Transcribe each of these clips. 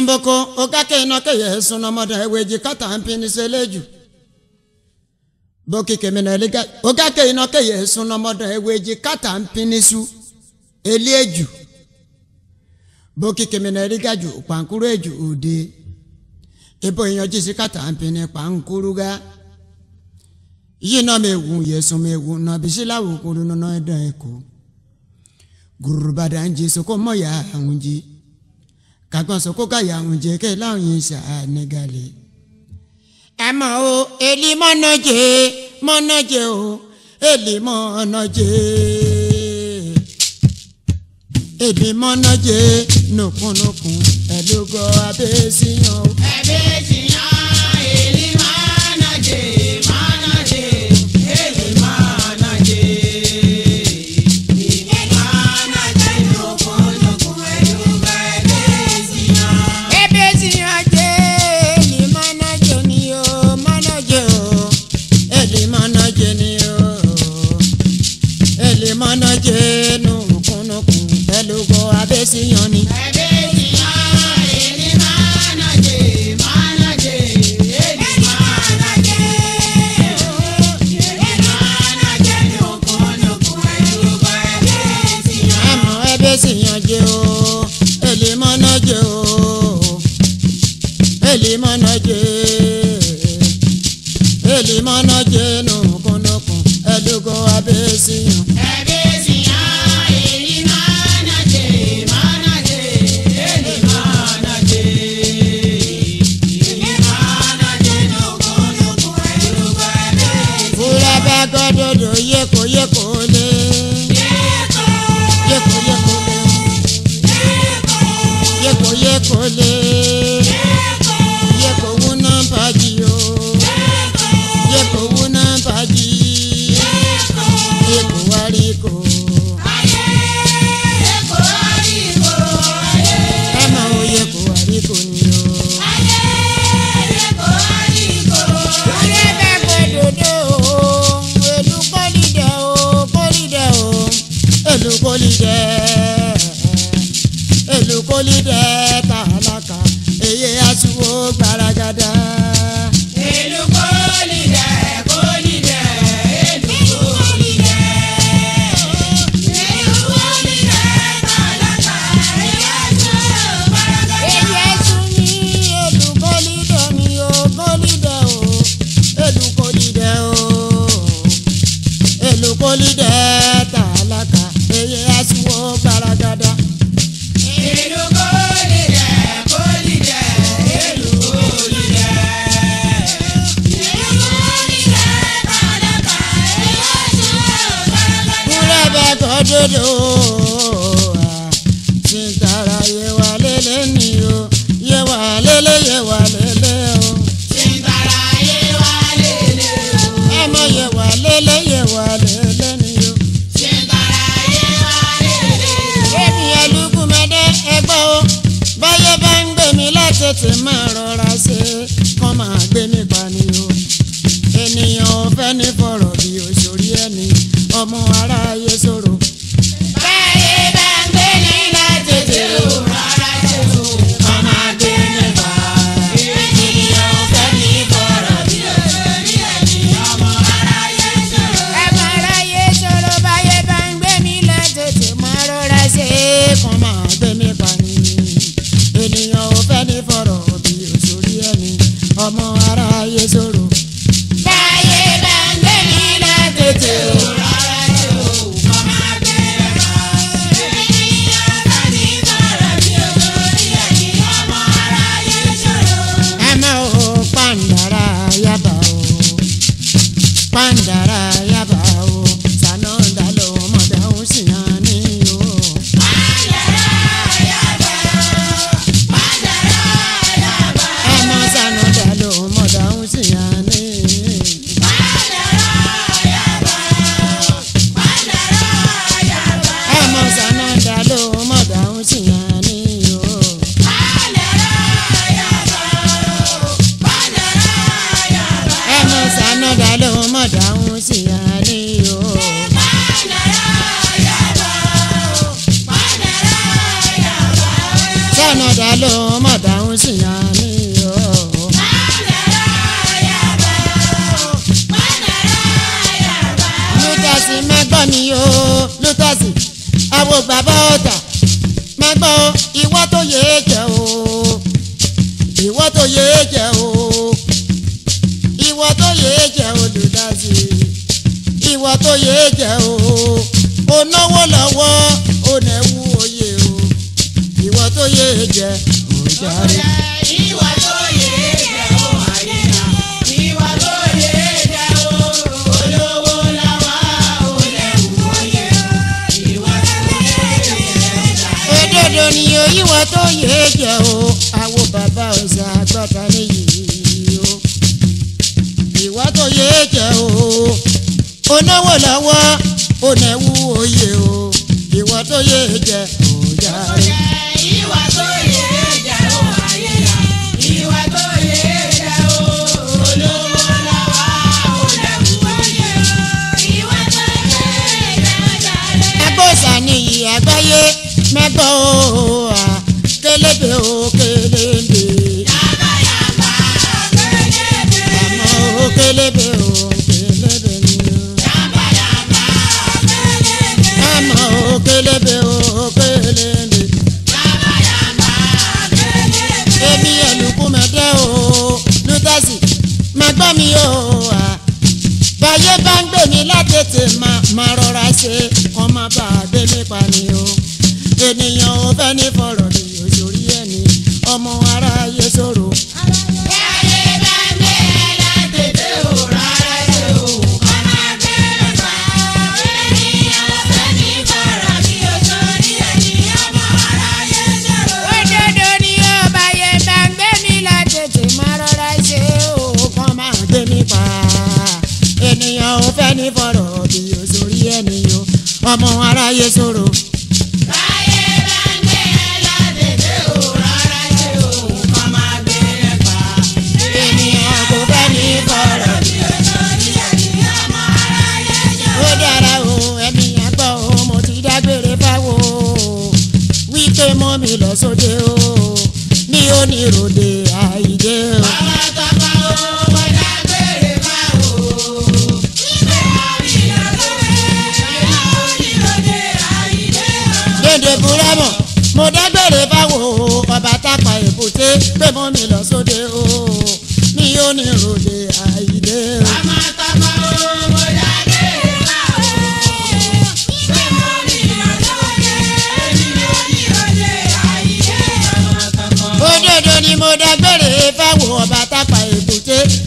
ji mboko okakenokeyehesonomoda eweji katampini seleju bokikemeneliga okakeinokeyehesonomoda eweji katampinisu elieju bokikemeneligaju kpankuru eju ude eboyinojisi katampini kpankuruga yinomewu yesumewu nobisilawu kurunonoedoeko gurubadanji sokomoya unji kakọsọ kó ka yàwùn jẹ kẹ láwọn yẹn ṣà nígàlè. àmọ́ o èlì mọ́nà jẹ mọ́nà jẹ o èlì mọ́nà jẹ èlì mọ́nà jẹ nùkúnùkún ẹ̀lúgọ́ abẹ́síyàn o. Brazil bàbá ọ̀tà. pé kọ́ má bàa délé pa ni o.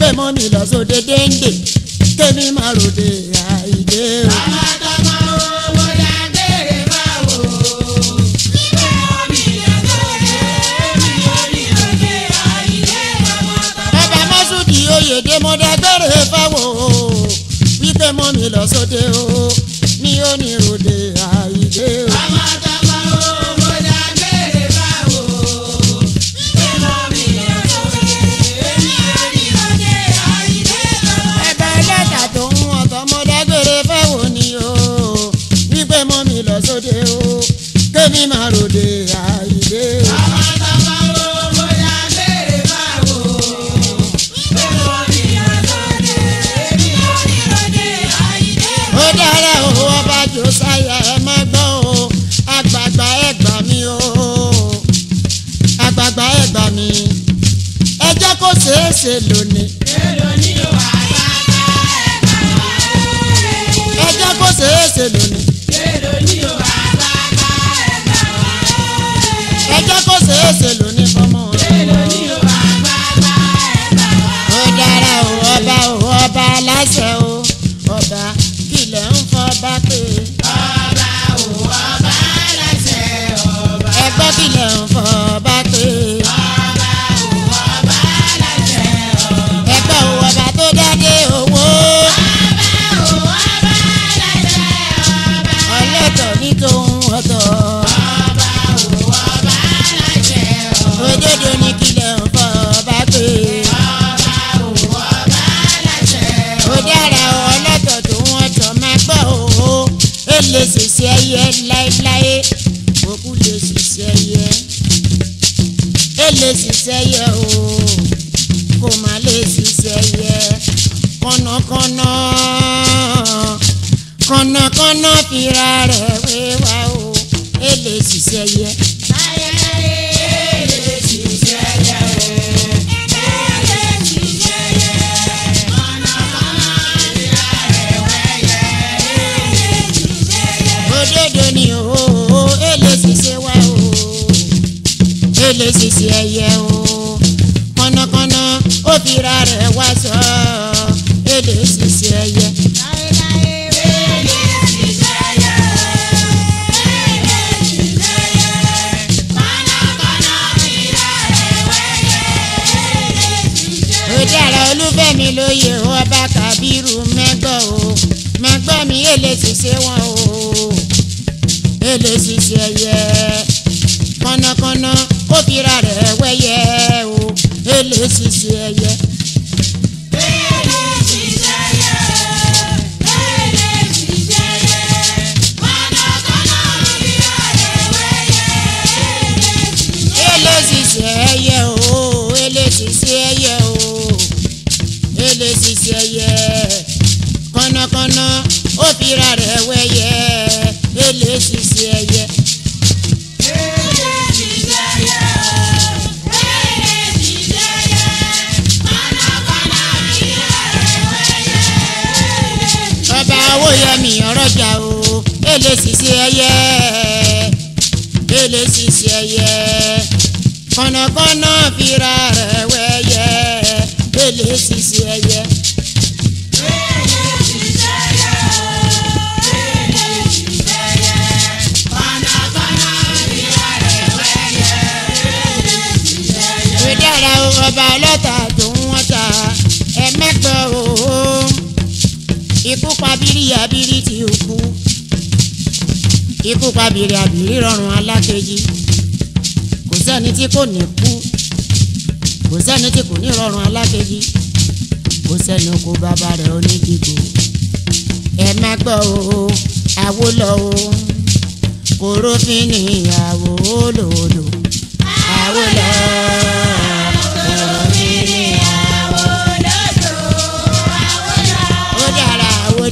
bẹ́ẹ̀ mọ́ mi lọ sóde déńdé kémi máa ròde. lè ṣèṣe ẹyẹ láéláé òkú lè ṣèṣe ẹyẹ. ẹ lè ṣèṣe ẹyẹ kànnàkànnà ó fira rẹ̀ wẹ̀yẹ èlé ṣiṣẹ́ ẹyẹ. ọba owó yẹmi ọrọjà o èlé ṣiṣẹ́ ẹyẹ èlé ṣiṣẹ́ ẹyẹ kànnàkànnà fira rẹ̀ wẹ̀yẹ èlé ṣiṣẹ́ ẹyẹ. ọba ọlọ́ta tó ń wọ́n ẹ mẹ́tọ́ o ikú pa bírí abírí ti kú ikú pa bírí abírí rọrùn alákejì kò sẹ́ni tí kò ní kú kò sẹ́ni tí kò ní rọrùn alákejì kò sẹ́ni kò bàbá rẹ̀ onídìgbò ẹ má o àwo lọ o kòrófin níyàwó lòlò àwo lọ.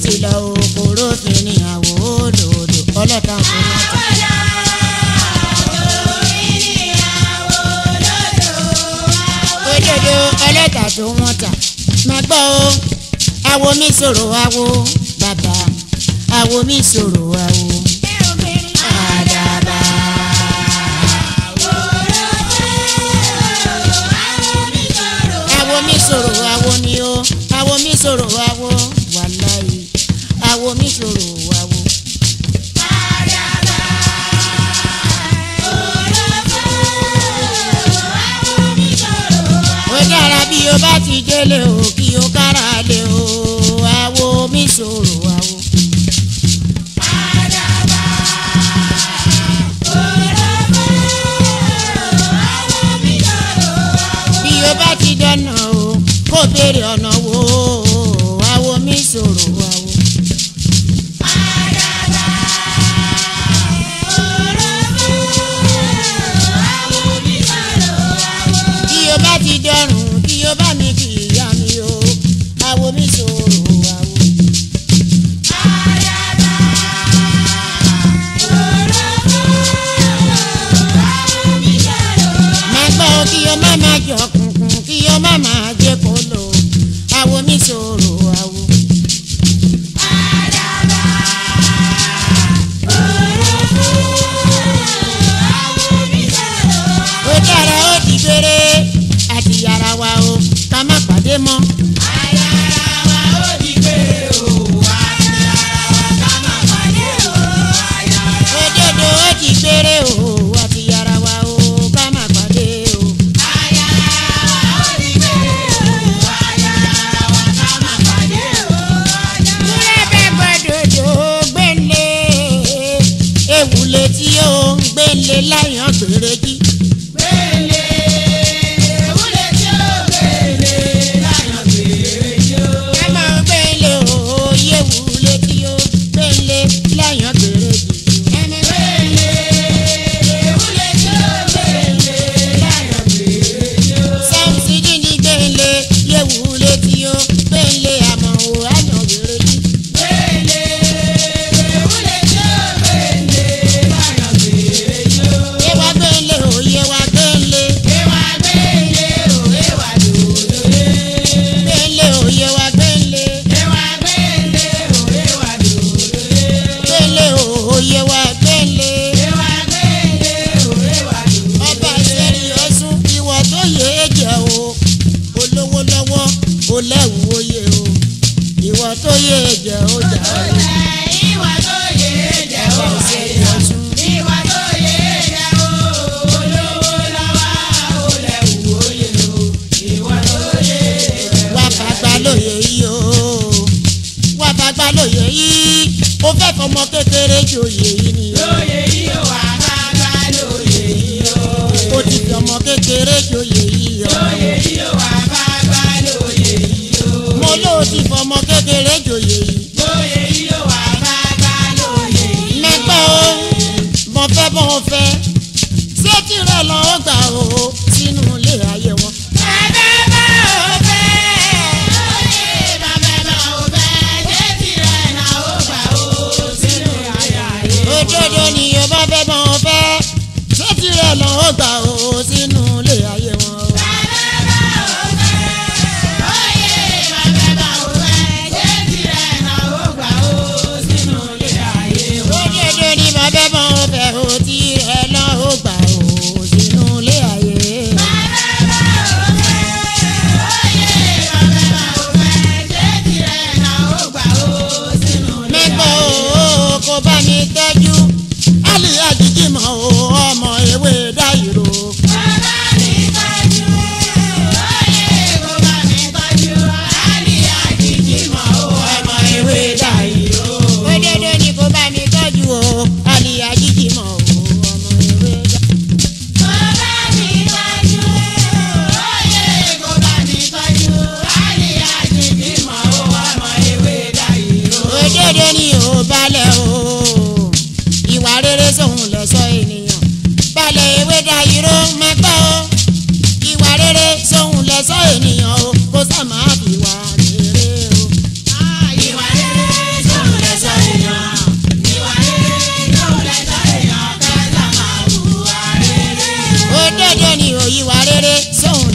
ti lọ òkòrò fi ní àwọ̀ olódò ọlọ́ta fún mi. olódò ọlọ́ta tó wọ́n tà má gbọ́ o àwo mi ṣòro àwo bàbá àwo mi ṣòro àwo. àwo mi ṣòro àwo ni o àwo mi ṣòro àwo ṣòro wa wo. ó dára bí o bá ti délé o kí o kára lé o àwo mi ṣòro wa wo. bí o bá ti dọ́nà o kó béèrè ọ̀nà.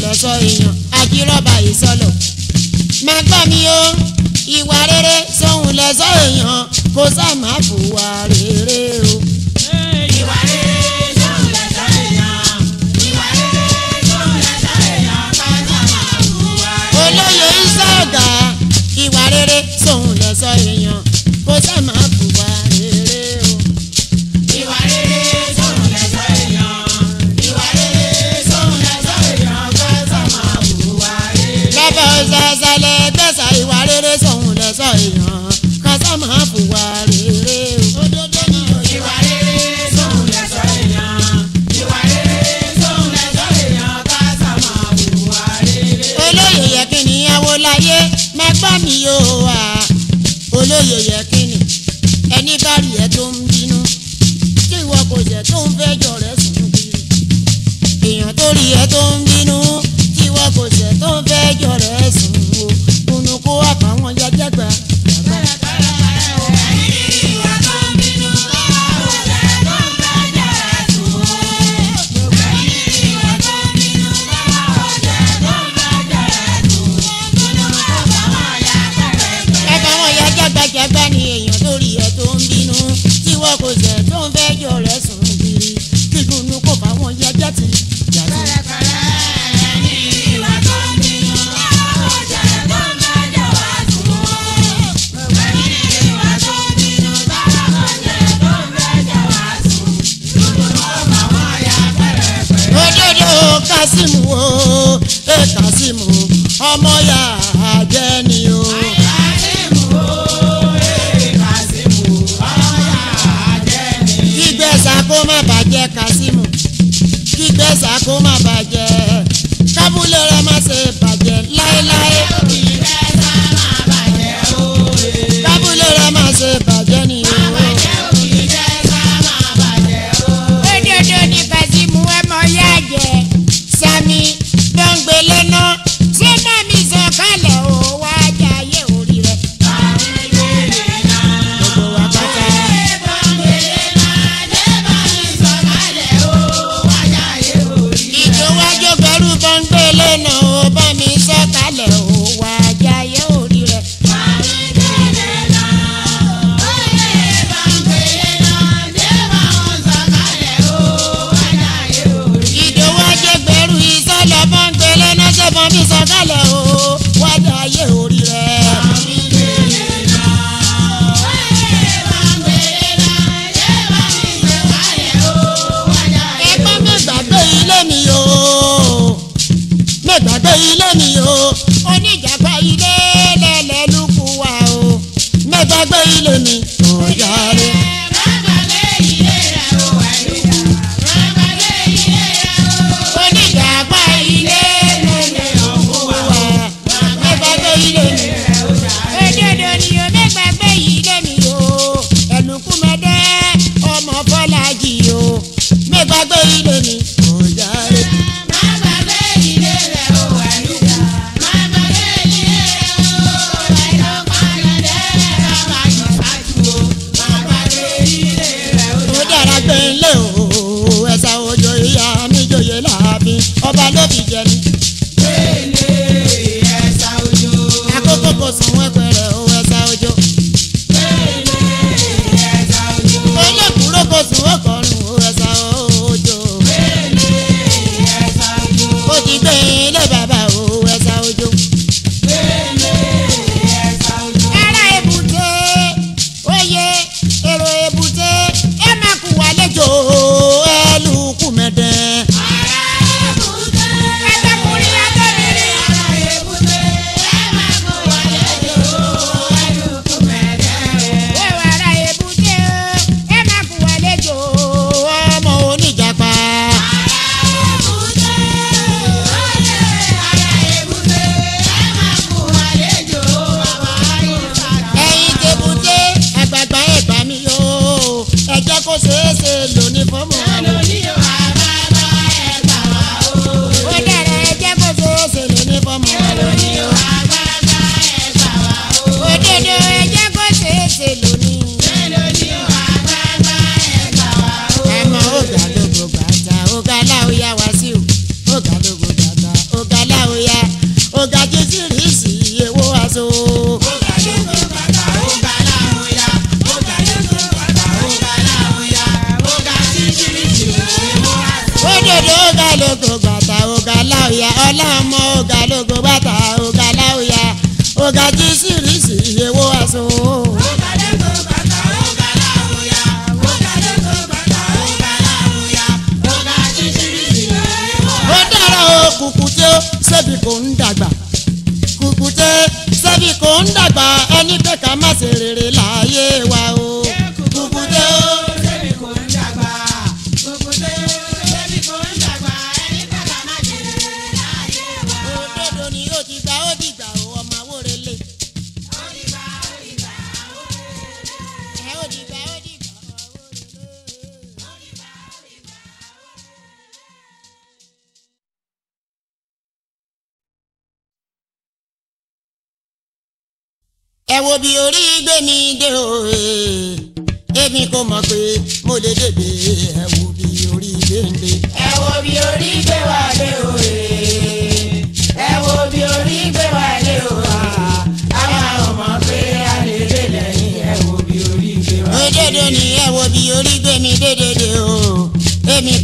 lọ́sọ èèyàn àkírọ́bà ìsọlọ̀. máa gbọ́ mi o ìwà rere sóhun lọ́sọ èèyàn kó sá máa fòwà rere o. ìwà rere. olóyè iṣẹ́ ọ̀gá ìwà rere sóhun lọ́sọ èèyàn. èèyàn. Kazeem kígbẹ́sà kó má bàjẹ́. lè gbàgbé ilé mi o oníjàpá ilé lẹ́lẹ́lúkú wa o mẹ́gbàgbé ilé mi ọ̀yà rẹ̀.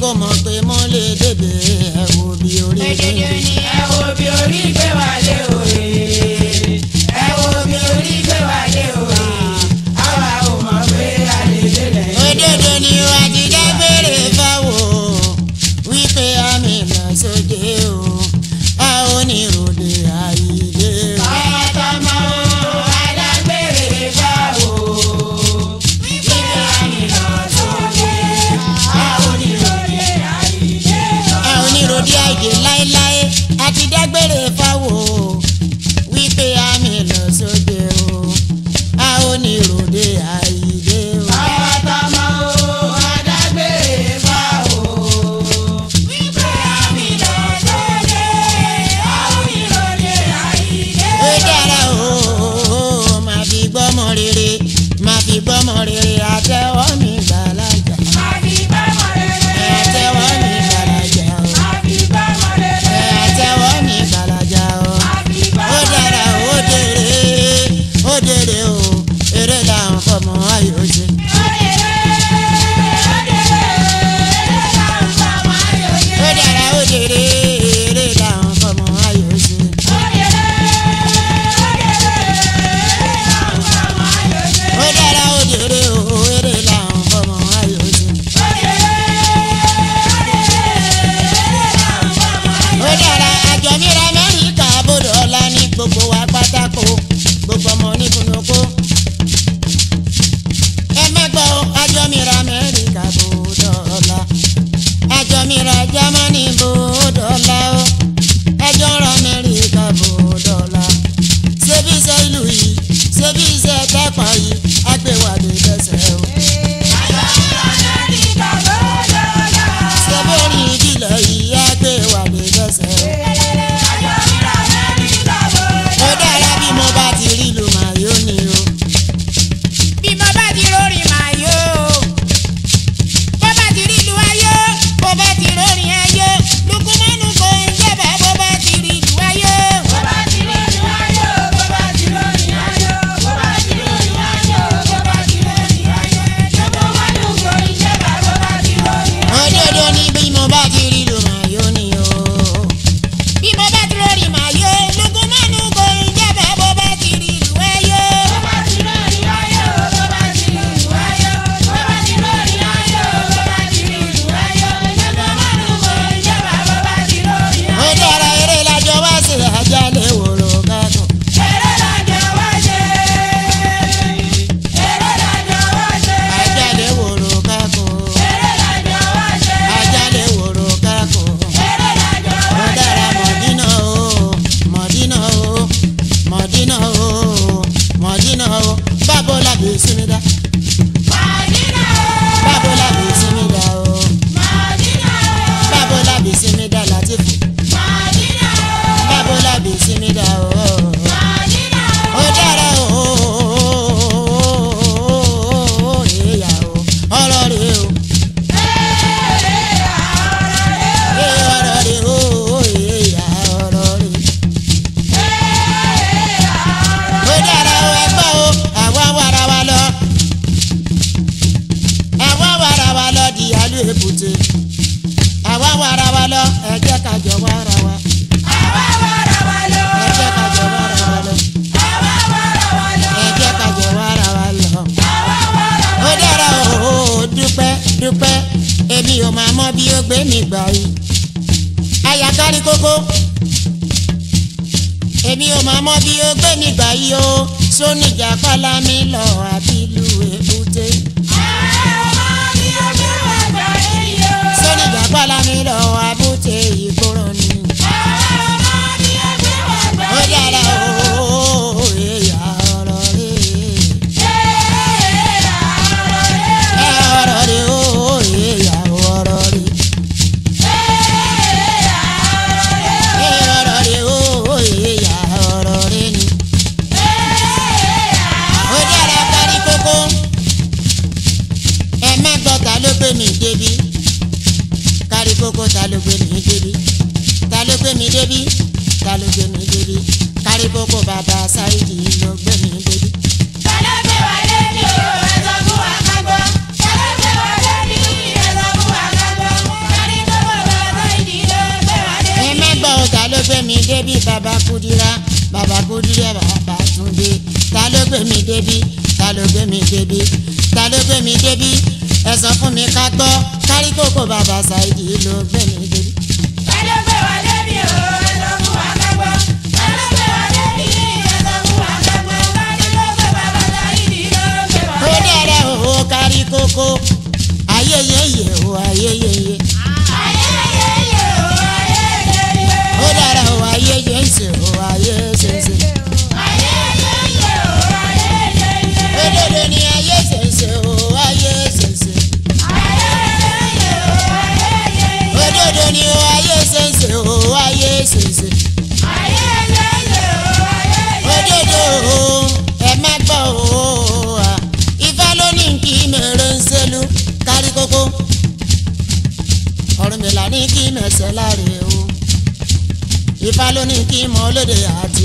kò mọ̀ pé mo lè débè ẹ̀ orí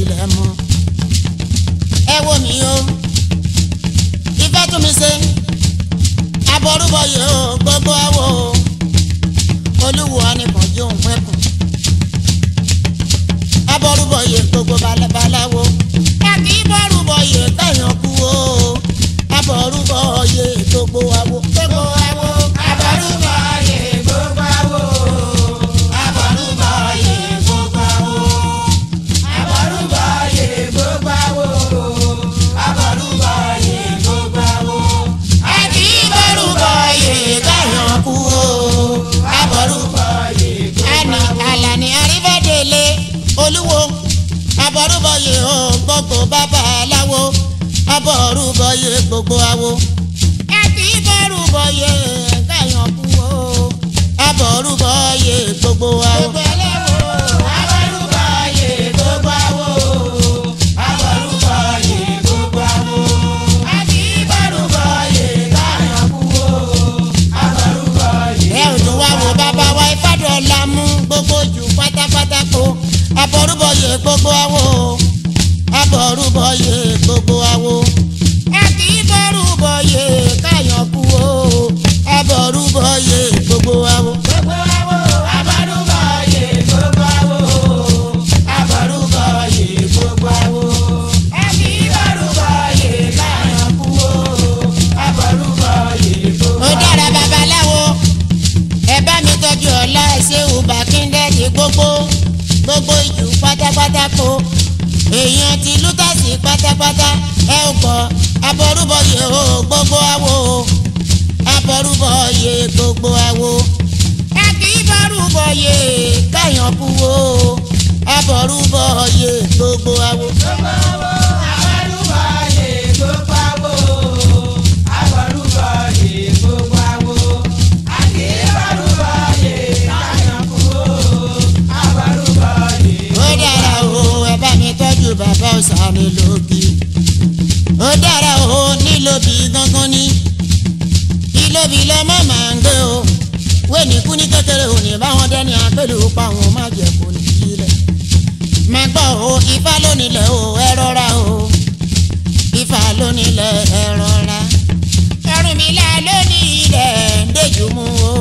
tilẹ̀ mọ́. ẹ wo mi o ìfẹ́ tún mi ṣe aborúbọyè o gbogbo awo o olúwo anìkànjú òun pẹ́kùn aborúbọyè gbogbo baláwo àti ìbọrúbọyè tẹ̀yàn kú o aborúbọyè gbogbo awo gbogbo awo. bọ̀rù bọyé gbogbo awo. ẹ kì í bọ̀rù bọyé ẹ̀ẹ́dẹ̀yàn kú o. ẹ bọ̀rù bọyé gbogbo awo. gbogbo ẹlẹ́wọ̀ abọ̀rù bọyé awo. abọ̀rù bọyé gbogbo awo. ẹ kì í bọ̀rù bọyé ẹ̀ẹ́dẹ̀yàn kú o. abọ̀rù bọyé. ẹ ò tún wá wo bàbá wa Ifádọ̀lá mú gbogbo pátápátá ẹ ò gbọ́ abọ́rúbọyè o gbogbo awo abọ́rúbọyè gbogbo awo àti ìbọrúbọyè káyàn kú o abọ́rúbọyè gbogbo awo. gbogbo awo. bàbá òòṣà mi ló bí ó dára o nílòbí gángan ni ìlòbí lọmọ màá ń gbé o wẹ́ẹ̀ni kú ní kékeré òní báwọn dẹ́ni àpèlú pa òun má jẹ́ kó ní ilẹ̀ má gbọ́ o ifá lónílẹ̀ o ẹ rọra o ifá lónílẹ̀ ẹ rọra Ọ̀rúnmìlà lónìí ilẹ̀ ń dèjú mú o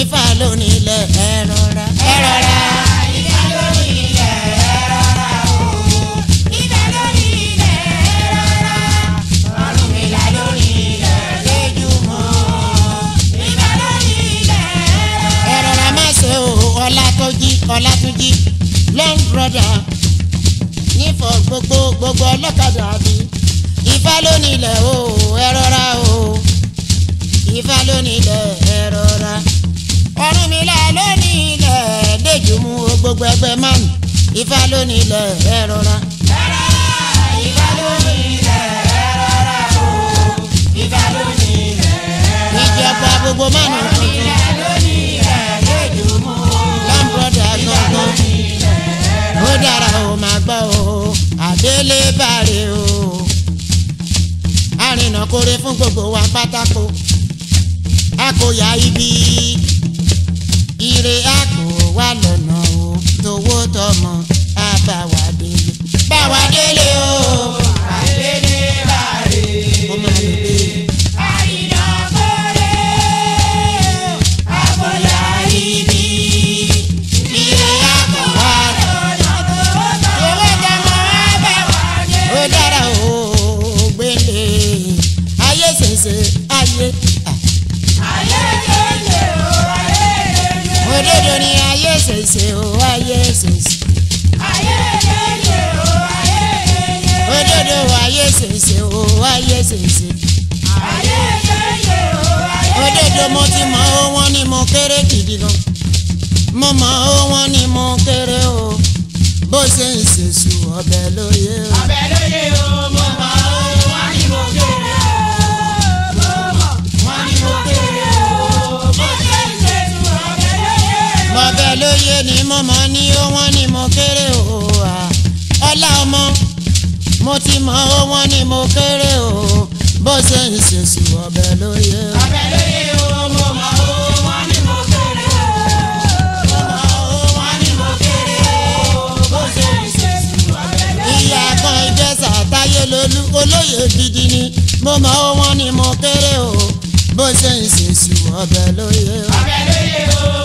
ifá lónílẹ̀ ẹ rọra ẹ rọra. ọlátúnjí long brother nífọ gbogbo gbogbo ọlọ́kadà mi ifá ló nílẹ̀ o ẹ rọra o ifá ló nílẹ̀ ẹ rọra ọ̀run mi là ló nílẹ̀ lẹ́jọ́ mu o gbogbo ẹgbẹ́ mọ́nì ifá ló nílẹ̀ ẹ rọra. ifá ló nílẹ̀ ẹ rọra gbogbo mọ́nì tuntun. kádàrá ò máa gbọ́ o àdélé bàrè o àrìnà kórè fún gbogbo wa pátákó àkóyá ibi ire àkó wà lọ́nà o tówó tọmọ àbáwá délé délé o. ṣèṣe o ayé ṣèṣe. ayé ṣèṣe o ayé ṣèṣe. òdodo ayé ṣèṣe o ayé ṣèṣe. ayé ṣèṣe o ayé ṣèṣe. òdodo mo ti mọ o wọn ni mo kéré gidi gan. mo mọ o wọn ni mo kéré o. bó ṣe ń ṣèṣù ọbẹ̀ lóye o. ọbẹ̀ lóye o mo mọ. mo bẹ lóye ni mo mọ ní ó wọ́n ni mo kéré o ọlá ọmọ mo ti mọ ó wọ́n ni mo kéré o bó ṣe ń ṣèṣì ọbẹ̀ lóye o. ọbẹ̀ lóye o mo mọ o. lolú olóyè gidi ni mo mọ wọn ni mo kéré o bó ṣe ń ṣèṣù ọbẹ̀ lóye o. lóye o.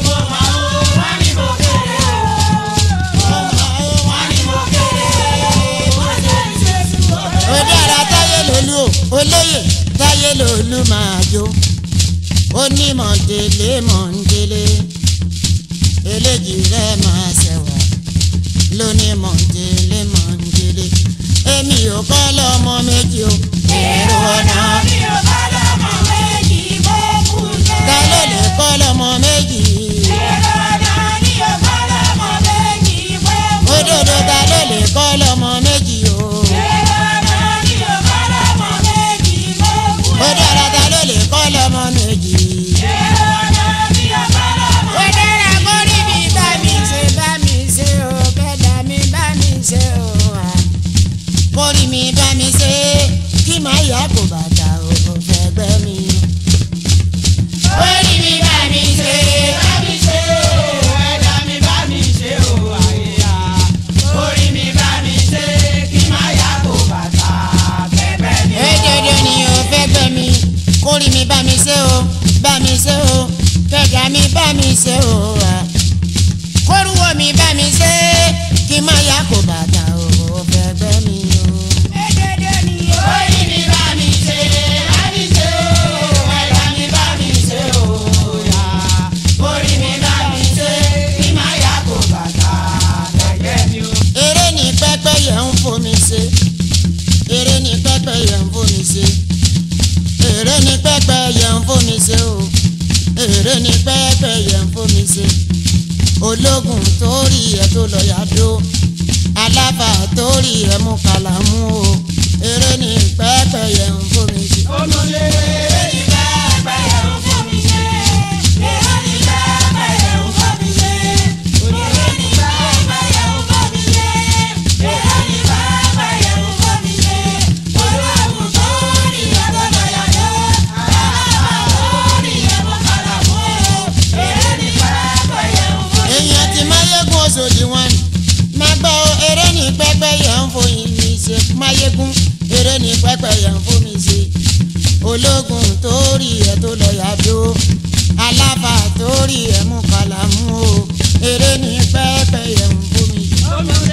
òde ara táyé lòlú o olóyè táyé lòlú máa jó onímọ̀ délé mọ̀ ń délé eléjì rẹ̀ máa ṣẹ̀wà lóní mọ̀ ń délé mọ̀ ń délé èmi ò kọ́ lọ́mọ méjì o èrò ọ̀nà mi ò kọ́ lọ́mọ méjì bó kú ta ló lè kọ́ lọ́mọ méjì. mi mi bá mi ṣe o bá mi ṣe o kẹjà mi bá mi ṣe o kórúwọ mi bá mi ṣe kí má yá kó bàtà o fẹgbẹ mi. èrè ni pẹ́pẹ́ yẹ ń fún mi ṣe o èrè ni pẹ́pẹ́ yẹ ń fún mi ṣe ológun torí ẹ tó lọ yàdó alábà torí ẹ mú kàlámù o èrè ni pẹ́pẹ́ yẹ ń fún mi ṣe. ọmọlẹ́rẹ́. lòdì wọn ni. má gbọ́ eré ní pẹ́pẹ́ yẹn ń foyín mi ṣe máyégún eré ní pẹ́pẹ́ yẹn ń fomi ṣe. ológun tó rí ẹ̀ tó lọ yàbí o alábà ẹ̀ mú kàlámù o eré ní pẹ́pẹ́ yẹn ń fomi ṣe.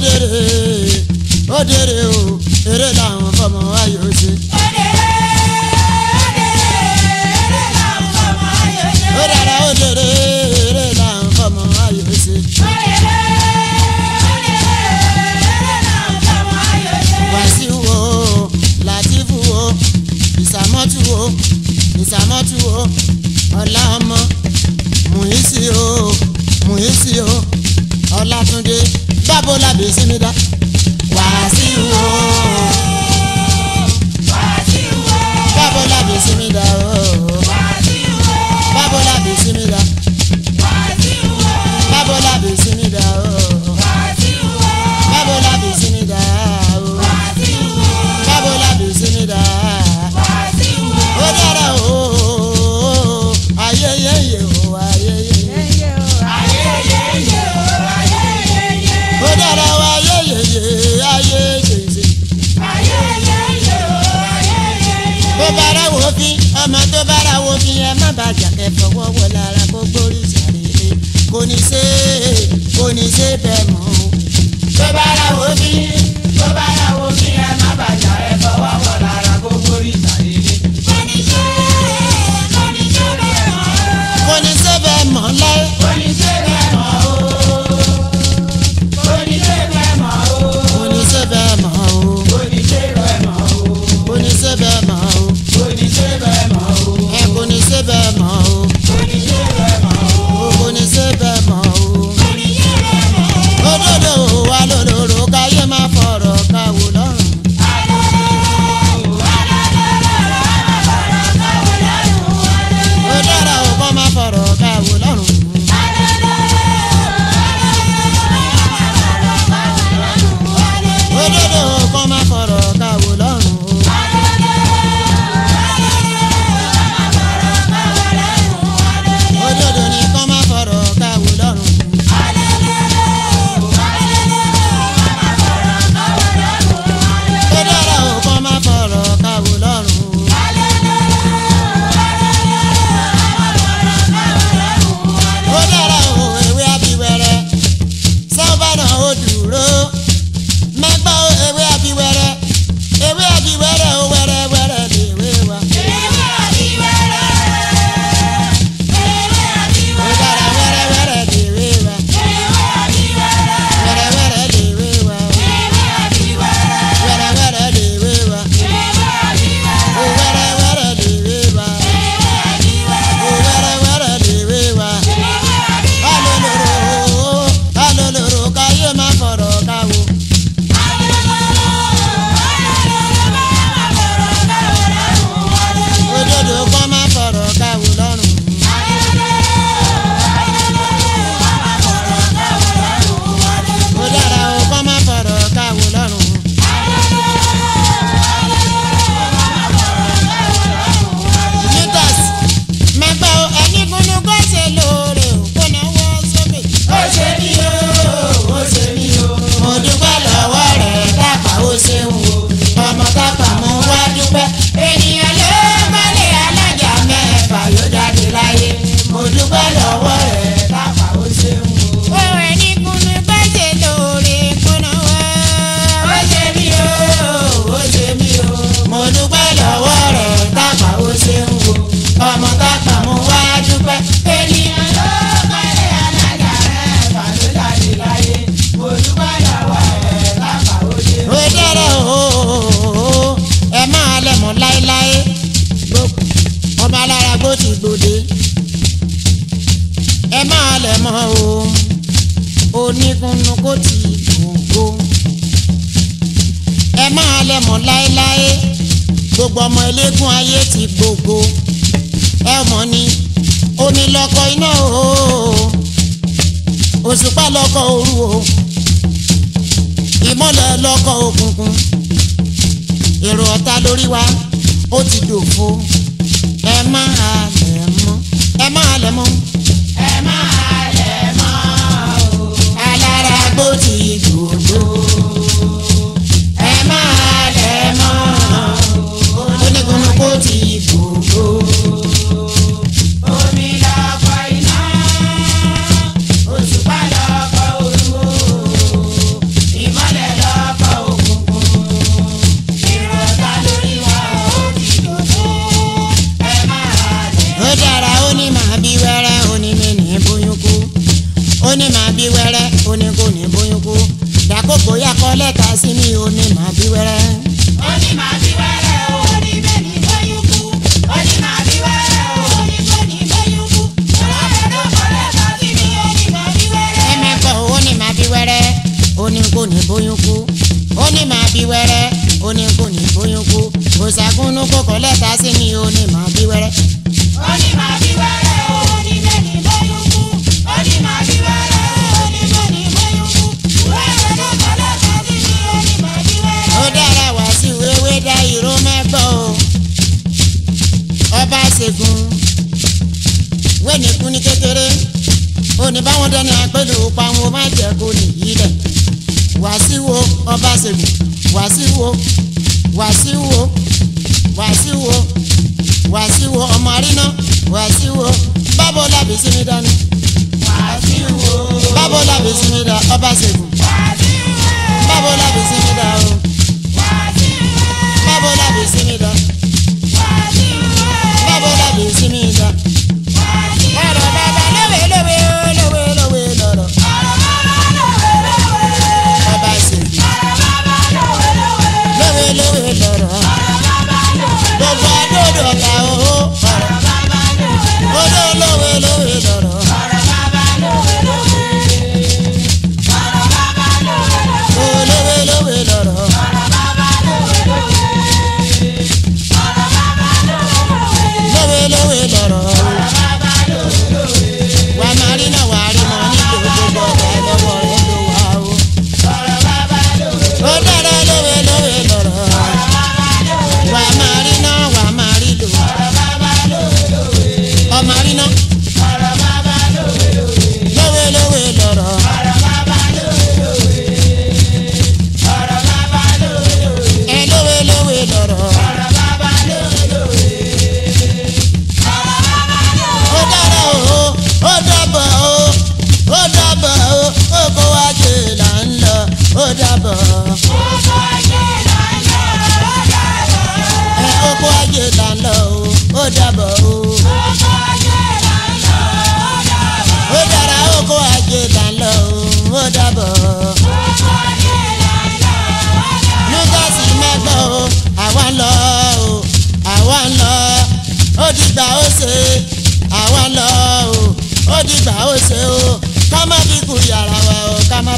dèrè ó dèrè o eré làwọn fọmọ ayò ṣe. ó dèrè ó dèrè eré làwọn fọmọ ayò ṣe. ó dára ó dèrè eré làwọn fọmọ ayò ṣe. ó dèrè ó dèrè eré làwọn fọmọ ayò ṣe. Wàsíù o Látìfù o Ìsàmọ́tù o Ìsàmọ́tù o bó la dé sí mi dá.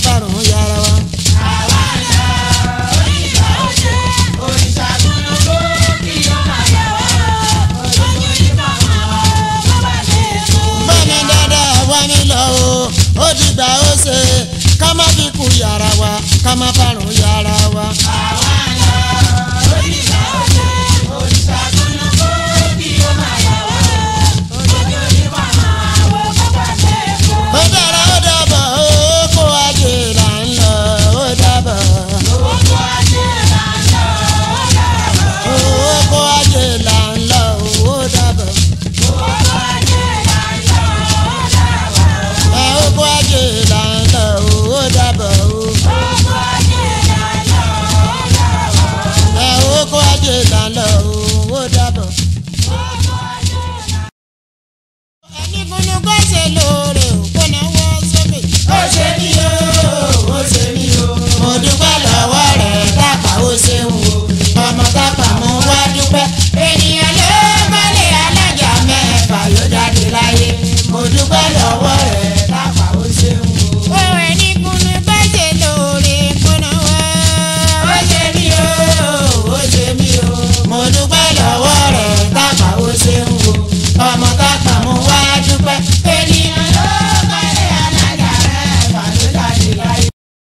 mataron.